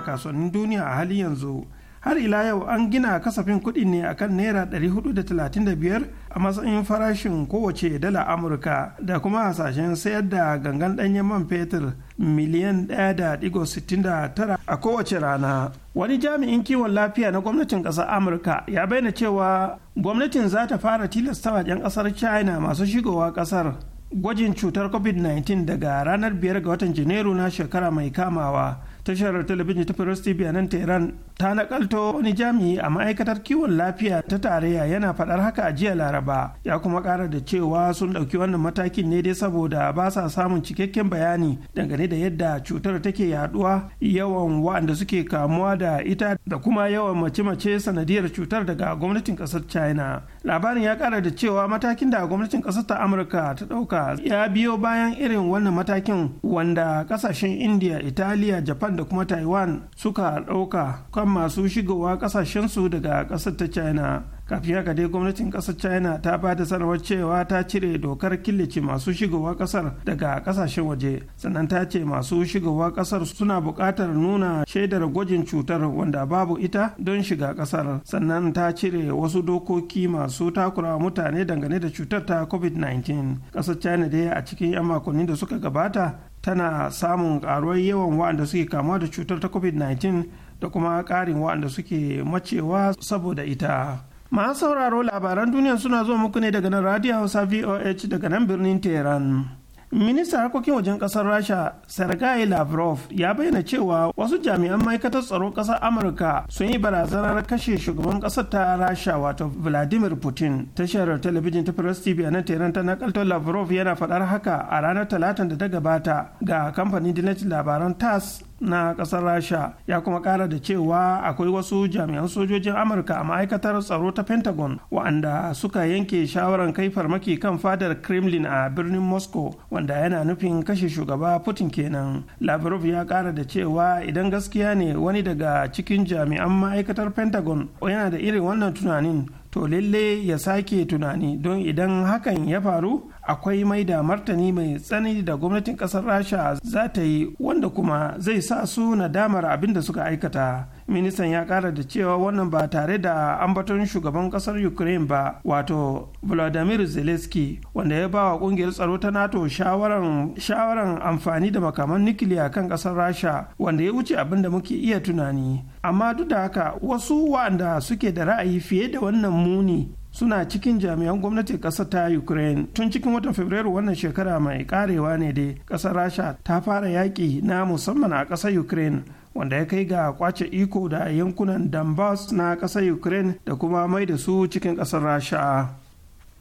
a kasuwannin duniya a hali yanzu har ila yau an gina kasafin kudi ne akan naira 435 a matsayin farashin kowace dala amurka da kuma hasashen sayar da gangan ɗanyen man fetur miliyan 1.69 a kowace rana wani jami'in kiwon lafiya na gwamnatin ƙasar amurka ya bayyana cewa gwamnatin za ta fara tilasta 'yan ƙasar china masu shigowa ƙasar gwajin cutar covid-19 daga ranar 5 ga watan janairu na shekara mai kamawa tasharar talabijin ta farasti TV a nan Tehran ta nakalto wani jami'i a ma'aikatar kiwon lafiya ta tarayya yana faɗar haka a jiya laraba ya kuma ƙara da cewa sun ɗauki wannan matakin ne dai saboda ba sa samun cikakken bayani dangane da yadda cutar take yaduwa yawan wa'anda suke kamuwa da ita da kuma yawan mace-mace sanadiyar cutar daga gwamnatin ƙasar china labarin ya ƙara da cewa matakin da gwamnatin ƙasar ta amurka ta ɗauka ya biyo bayan irin wannan matakin wanda ƙasashen india italiya japan da kuma taiwan suka ɗauka masu shigowa kasashensu daga kasar ta china kafin haka dai gwamnatin kasar china ta ba da sanarwar cewa ta cire dokar killace masu shigowa kasar daga kasashen waje sannan ta ce masu shigowa kasar suna buƙatar nuna shaidar gwajin cutar wanda babu ita don shiga kasar sannan ta cire wasu dokoki masu takurawa mutane dangane da cutar ta covid-19 kasar china dai a cikin 'yan makonni da suka gabata tana samun ƙaruwar yawan waɗanda suke kamuwa da cutar ta covid-19 da kuma ƙarin waɗanda suke macewa saboda ita. Masu sauraro labaran duniya suna zuwa muku ne daga nan Radio Hausa VOH daga nan birnin Tehran. Ministan harkokin wajen ƙasar Rasha Sergei Lavrov ya bayyana cewa wasu jami'an ma'aikatar tsaron ƙasar Amurka sun yi barazanar kashe shugaban ƙasar ta Rasha wato Vladimir Putin. Tashar talabijin ta Press TV a Tehran ta nakaltar Lavrov yana faɗar haka a ranar talatan da ta gabata ga kamfanin Dinet labaran TASS na kasar rasha ya kuma kara da cewa akwai wasu jami'an sojojin amurka a ma'aikatar tsaro ta pentagon wa'anda suka yanke shawarar kai farmaki kan fadar kremlin a birnin moscow wanda yana nufin kashe shugaba putin kenan lavrov ya kara da cewa idan gaskiya ne wani daga cikin jami'an ma'aikatar pentagon yana da irin wannan tunanin to lalle ya sake tunani don idan hakan ya faru akwai mai da martani mai tsani da gwamnatin kasar rasha za ta yi wanda kuma zai sa su nadamar abin da suka aikata ministan ya kara da cewa wannan ba tare da ambaton shugaban kasar ukraine ba wato vladimir zelensky wanda ya ba wa kungiyar tsaro ta nato shawaran amfani da makaman nukiliya kan kasar rasha wanda ya wuce abin da muke iya tunani amma duk da haka wasu wanda suke da ra'ayi fiye da wannan muni suna cikin jami'an gwamnati ƙasar ta ukraine tun cikin watan fabrairu wannan shekara mai karewa ne dai kasar rasha ta fara yaƙi na musamman a ƙasar ukraine wanda ya kai ga kwace iko da yankunan Donbass na ƙasar Ukraine da kuma mai da su cikin ƙasar Rasha.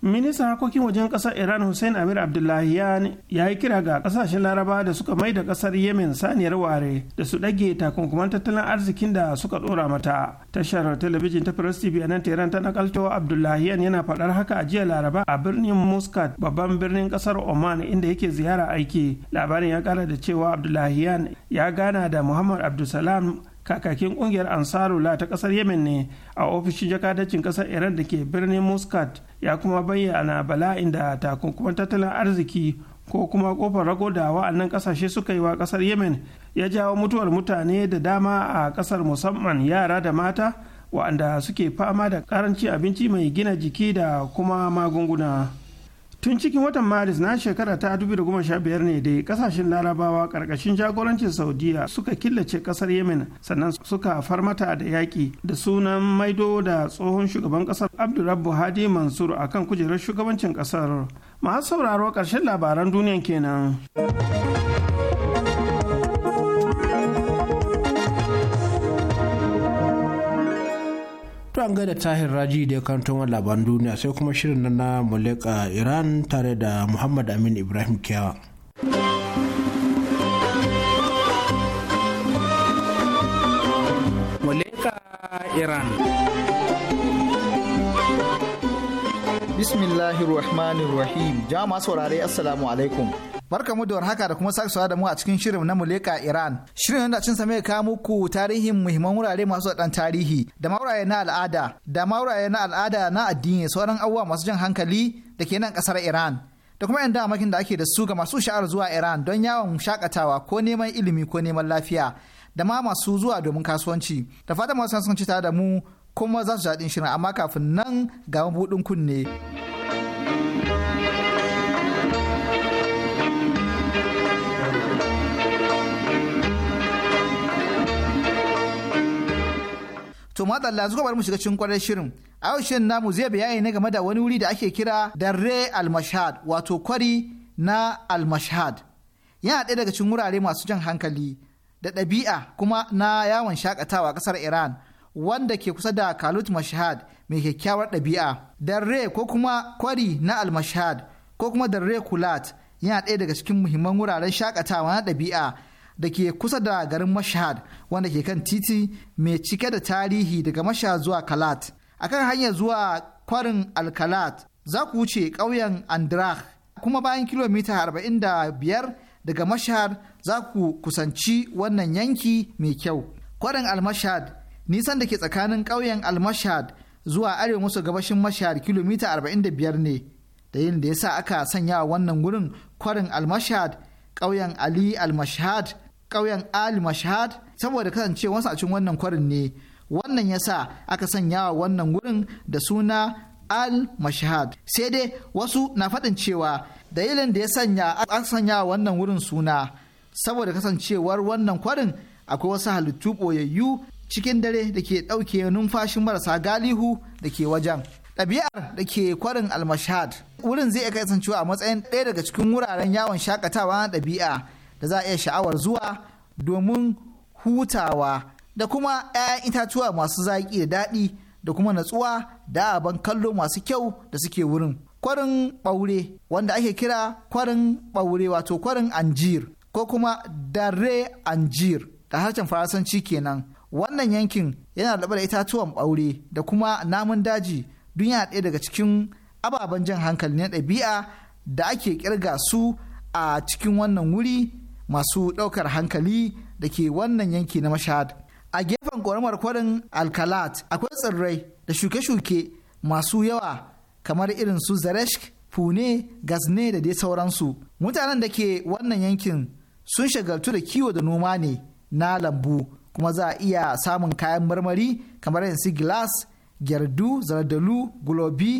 ministan harkokin wajen kasar iran hussein amir abdullahi ya yi kira ga kasashen laraba da suka mai da kasar yemen saniyar ware da su ɗage takunkuman tattalin arzikin da suka ɗora mata tashar talabijin ta press tv a nan tehran ta nakalto abdullahi yana faɗar haka a jiya laraba a birnin muscat babban birnin kasar oman inda yake ziyara aiki labarin ya kara da cewa abdullahian ya gana da muhammad abdulsalam kakakin kungiyar ansarula ta kasar yemen ne a ofishin jakadancin kasar iran da ke birnin muscat ya kuma bayyana bala'in da takunkuman tattalin arziki ko kuma kofar rago da wa'annan kasashe suka yi wa kasar yemen ya jawo mutuwar mutane da dama a kasar musamman yara da mata wa'anda suke fama da karanci abinci mai gina jiki da kuma magunguna. tun cikin watan maris na shekara ta 2015 ne dai kasashen larabawa karkashin jagorancin saudiya suka killace kasar yemen sannan suka farmata da yaƙi da sunan maido da tsohon shugaban kasar abdurrabbu hadi mansur akan kujerar shugabancin kasar masu sauraro ƙarshen labaran duniyan kenan. To an gaida Tahir Raji da ya kanto labaran duniya sai kuma shirin na Muleka uh, Iran tare da Muhammad Amin Ibrahim Kiyawa. Muleka uh, Iran. Bismillahirrahmanirrahim. Jama'a saurare Assalamu alaikum. Barka mu da warhaka da kuma sake da mu a cikin shirin na Muleka Iran. Shirin da cin same ka muku tarihin muhimman wurare masu dan tarihi da mauraye na al'ada, da mauraye na al'ada na addini sauran abubuwa masu jan hankali da ke nan kasar Iran. Da kuma yan damakin da ake da su ga masu sha'ar zuwa Iran don yawon shakatawa ko neman ilimi ko neman lafiya da ma masu zuwa domin kasuwanci. Da fatan masu sun ci tare da mu kuma za su jaɗin shirin amma kafin nan ga mabuɗin kunne. To madalla zuwa bari mu shiga cikin kwarar shirin. A yau shirin namu zai bayani ne game da wani wuri da ake kira Darre Almashad wato kwari na Almashad. Yana ɗaya daga cikin wurare masu jan hankali da ɗabi'a kuma na yawon shakatawa ƙasar Iran wanda ke kusa da Kalut Mashhad mai kyakkyawar ɗabi'a. Darre ko kuma kwari na Almashad ko kuma Darre Kulat yana ɗaya daga cikin muhimman wuraren shakatawa na ɗabi'a da ke kusa da garin mashhad wanda ke kan titi mai cike da tarihi daga mashhad zuwa kalat akan hanyar zuwa kwarin Al-Kalat za ku wuce ƙauyen andrakh kuma bayan kilomita arba'in da biyar daga mashhad za ku kusanci wannan yanki mai kyau kwarin Al-Mashhad nisan da ke tsakanin ƙauyen Al-Mashhad zuwa arewa maso gabashin mashhad kilomita biyar ne da yin da ya sa aka sanya wannan wurin kwarin Al-Mashhad ƙauyen ali Al-Mashhad ƙauyen Al mashhad saboda kasancewarsa a cikin wannan kwarin ne wannan yasa aka sanya wa wannan wurin da suna al mashhad sai dai wasu na faɗin cewa dalilin da ya sanya aka sanya wa wannan wurin suna saboda kasancewar wannan kwarin akwai wasu halittu ɓoyayyu cikin dare da ke ɗauke numfashin marasa galihu da ke wajen ɗabi'ar da ke kwarin almashad wurin zai kasancewa a matsayin ɗaya daga cikin wuraren yawon shakatawa na ɗabi'a da za a iya sha'awar zuwa domin hutawa da kuma 'ya'yan itatuwa masu zaƙi da daɗi da kuma natsuwa da aban kallo masu kyau da suke wurin. Kwarin ɓaure wanda ake kira kwarin ɓaure wato kwarin anjir ko kuma dare anjir da harshen faransanci kenan. Wannan yankin yana da itatuwan ɓaure da kuma namun daji duniya ɗaya daga cikin ababen jan hankali na ɗabi'a da ake ƙirga su a cikin wannan wuri masu ɗaukar hankali da ke wannan yanki na mashahad a gefen ƙoramar kwarin alkalat akwai tsirrai da shuke-shuke masu yawa kamar irin su zareshk fune gazne da dai sauransu mutanen da ke wannan yankin sun shagaltu da kiwo da noma ne na lambu kuma za a iya samun kayan marmari kamar irin su gilas gyardu zardalu gulobi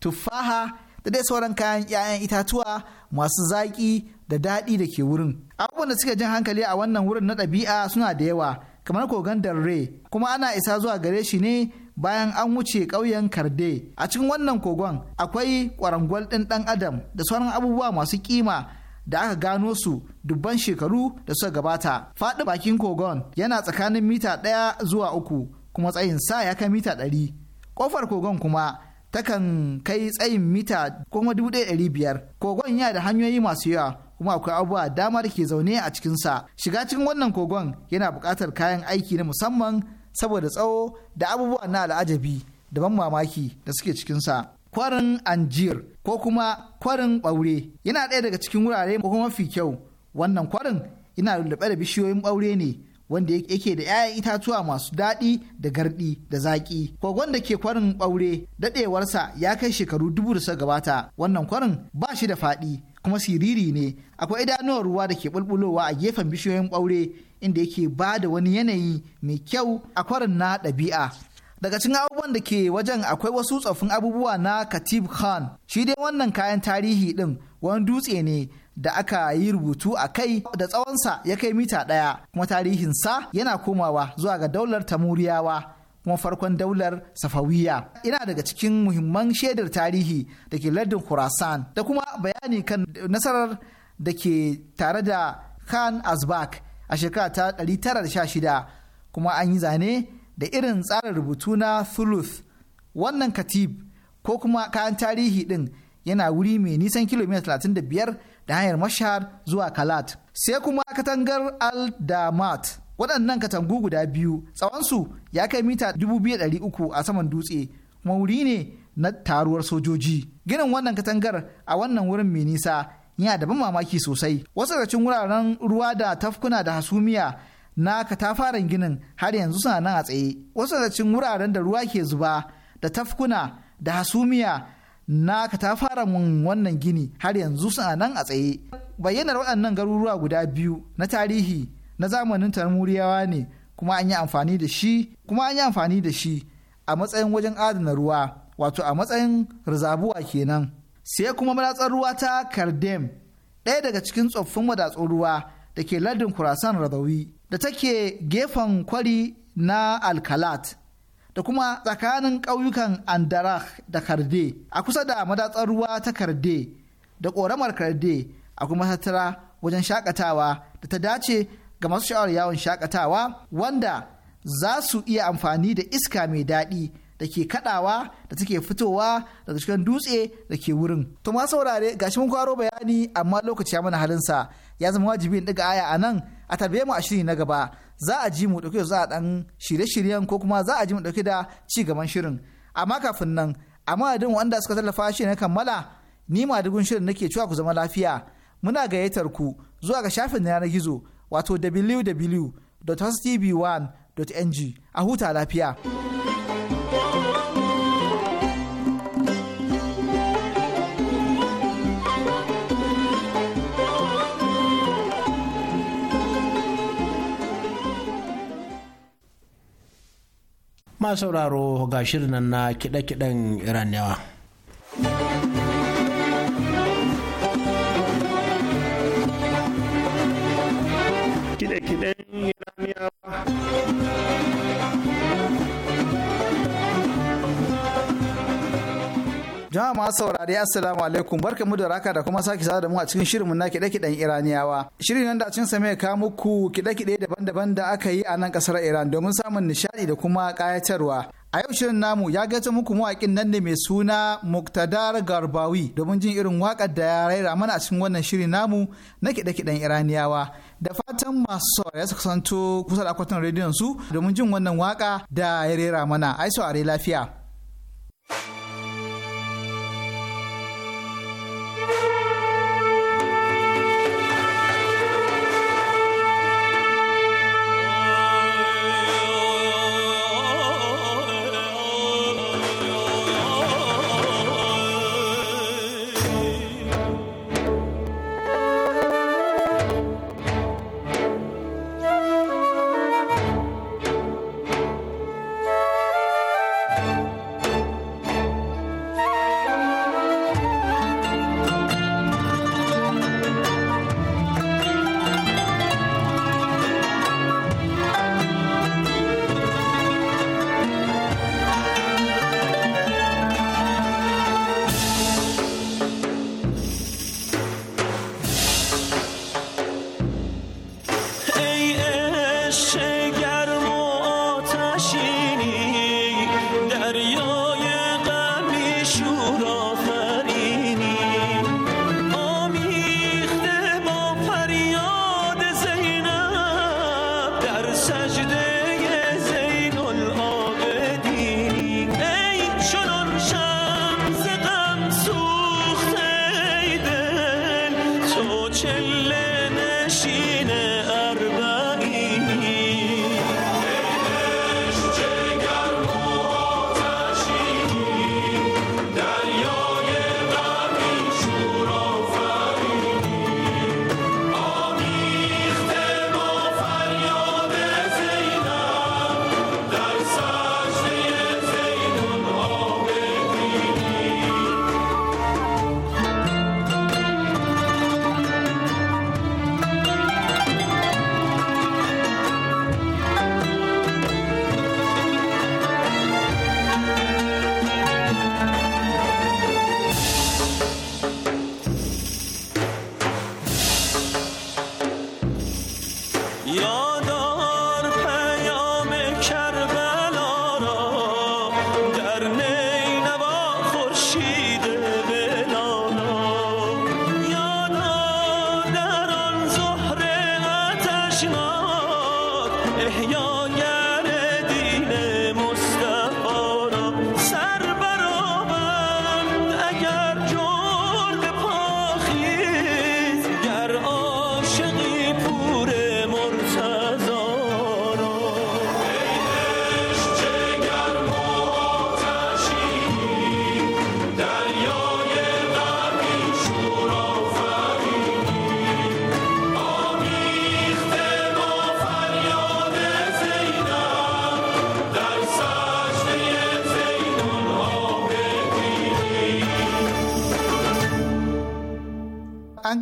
tufaha da dai sauran kayan 'ya'yan itatuwa masu zaƙi da daɗi da ke wurin. Abubuwan da suka jin hankali a wannan wurin na ɗabi'a suna da yawa kamar kogon darre kuma ana isa zuwa gare shi ne bayan an wuce ƙauyen karde a cikin wannan kogon akwai ƙwarangwal ɗin ɗan adam da sauran abubuwa masu ƙima da aka gano su dubban shekaru da suka gabata faɗi bakin kogon yana tsakanin mita ɗaya zuwa uku kuma tsayin sa ya kai mita ɗari ƙofar kogon kuma takan kai tsayin mita kuma dubu ɗaya ɗari biyar kogon yana da hanyoyi masu yawa kuma akwai abubuwa dama da ke zaune a cikinsa shiga cikin wannan kogon yana buƙatar kayan aiki na musamman saboda tsawo da abubuwa na al'ajabi da ban mamaki da suke cikinsa kwarin anjir ko kuma kwarin ɓaure yana ɗaya daga cikin wurare ko kuma mafi kyau wannan kwarin yana lullaɓe da bishiyoyin ɓaure ne wanda yake da 'ya'yan itatuwa masu daɗi da garɗi da zaƙi. Kogon da ke kwarin ɓaure daɗewarsa ya kai shekaru dubu da suka gabata. Wannan kwarin ba shi da faɗi kuma siriri ne. Akwai idanuwar ruwa da ke bulbulowa a gefen bishiyoyin ɓaure inda yake ba da wani yanayi mai kyau a kwarin na ɗabi'a. Daga cikin abubuwan da ke wajen akwai wasu tsoffin abubuwa na Katib Khan. Shi dai wannan kayan tarihi ɗin wani dutse ne da aka yi rubutu a kai da tsawonsa ya kai mita ɗaya kuma tarihinsa yana komawa zuwa ga daular tamuriyawa kuma farkon daular safawiya ina daga cikin muhimman shaidar tarihi da ke lardin khurasan da kuma bayani kan nasarar da ke tare da khan azbak a shekara ta shida. kuma an yi zane da irin tsarin rubutu na thuluth wannan katib ko kuma kayan tarihi din yana wuri mai nisan kilomita 35 da hanyar mashar zuwa kalat sai kuma katangar al-damat waɗannan katangu guda biyu tsawonsu ya kai mita 2,300 a saman dutse kuma wuri ne na taruwar sojoji ginin wannan katangar a wannan wurin mai nisa yana da ban mamaki sosai wasu daga cikin wuraren ruwa da tafkuna da hasumiya na katafaren ginin har yanzu suna nan a tsaye wasu daga cikin wuraren da ruwa ke zuba da tafkuna da hasumiya naka ta fara mun wannan gini har yanzu suna nan a tsaye bayyanar waɗannan garuruwa guda biyu na tarihi na zamanin tarmuriyawa ne kuma an yi amfani da shi kuma an yi amfani da shi a matsayin wajen adana ruwa wato a matsayin rizabuwa kenan sai kuma madatsar ruwa ta kardem ɗaya daga cikin tsoffin madatsun ruwa da ke lardin kurasan radawi da take gefen kwari na alkalat da kuma tsakanin ƙauyukan andarak da karde a kusa da madatsar ruwa ta karde da ƙoramar karde akwai kuma wajen shakatawa da ta dace ga masu sha'awar yawon shakatawa wanda za su iya amfani da iska mai daɗi da ke kaɗawa da take fitowa daga cikin dutse da ke wurin. To saurare gashi mun kwaro bayani amma lokaci ya mana halinsa ya zama wajibi in ɗiga aya a nan a tarbiyyar mu a shiri na gaba za a ji mu dauke za a dan shirye-shiryen ko kuma za a ji mu dauke da ci gaban shirin amma kafin nan a madadin wanda suka tallafa shi na kammala ni madugun shirin nake cewa ku zama lafiya muna gayyatar ku zuwa ga shafin na gizo wato www.hostv1.ng a huta lafiya. ma sauraro ga shirin na kiɗe-kiɗen iraniyawa kiɗe-kiɗen masu saurari assalamu alaikum barka mu da raka da kuma sake sada da mu a cikin shirinmu na kiɗe-kiɗen iraniyawa shirin nan da a cikin sa mai kawo muku kiɗe-kiɗe daban-daban da aka yi a nan ƙasar iran domin samun nishaɗi da kuma kayatarwa a yau shirin namu ya gaci muku mawaƙin nan ne mai suna muktadar garbawi domin jin irin waƙar da ya raira mana a cikin wannan shirin namu na kiɗe-kiɗen iraniyawa da fatan masu saurare su kusanto kusa da akwatin rediyon su domin jin wannan waka da ya raira mana ai saurari lafiya.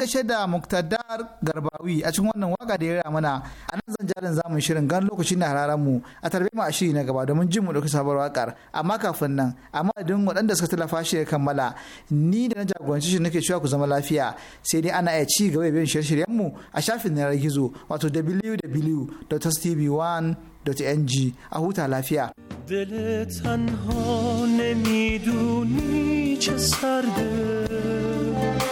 gaishe da Muktadar Garbawi a cikin wannan waka da ya rera mana a nan zan jarin zamun shirin gan lokaci na hararan mu a tarbe mu a shiri na gaba domin jin mu dauki sabuwar wakar amma kafin nan amma idan waɗanda suka tallafa shi ya kammala ni da na jagoranci shi nake cewa ku zama lafiya sai dai ana iya ci gaba da bin shirye-shiryen mu a shafin na gizo wato www.tv1.ng a huta lafiya. دل تنها نمیدونی چه سرده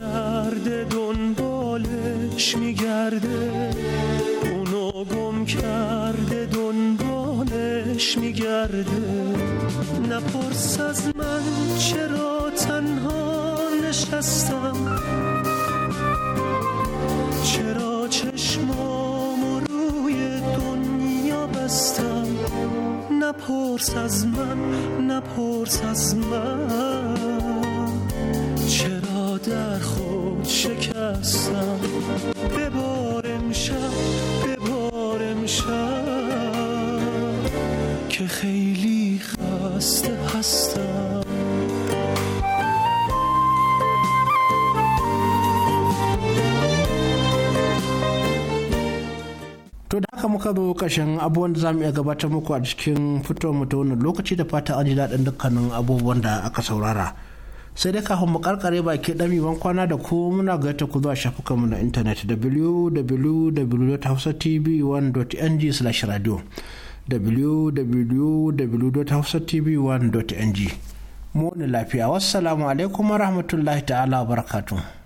کرده دنبالش میگرده اونو گم کرده دنبالش میگرده نپرس از من چرا تنها نشستم چرا چشمام روی دنیا بستم نپرس از من نپرس از من هستم ببار امشب ببار امشب که خیلی خسته هستم to da haka muka zo kashin abubuwan da zamu iya gabatar muku a cikin fito mu ta wannan lokaci da fata an ji daɗin dukkanin abubuwan da aka saurara sai dai kafin mu karkare baki dami ban kwana da ku muna ga ta ku zuwa shafukanmu na intanet www.hausatv1.ng/radio www.hausatv1.ng mu ne lafiya wassalamu alaikum warahmatullahi ta'ala wabarakatuh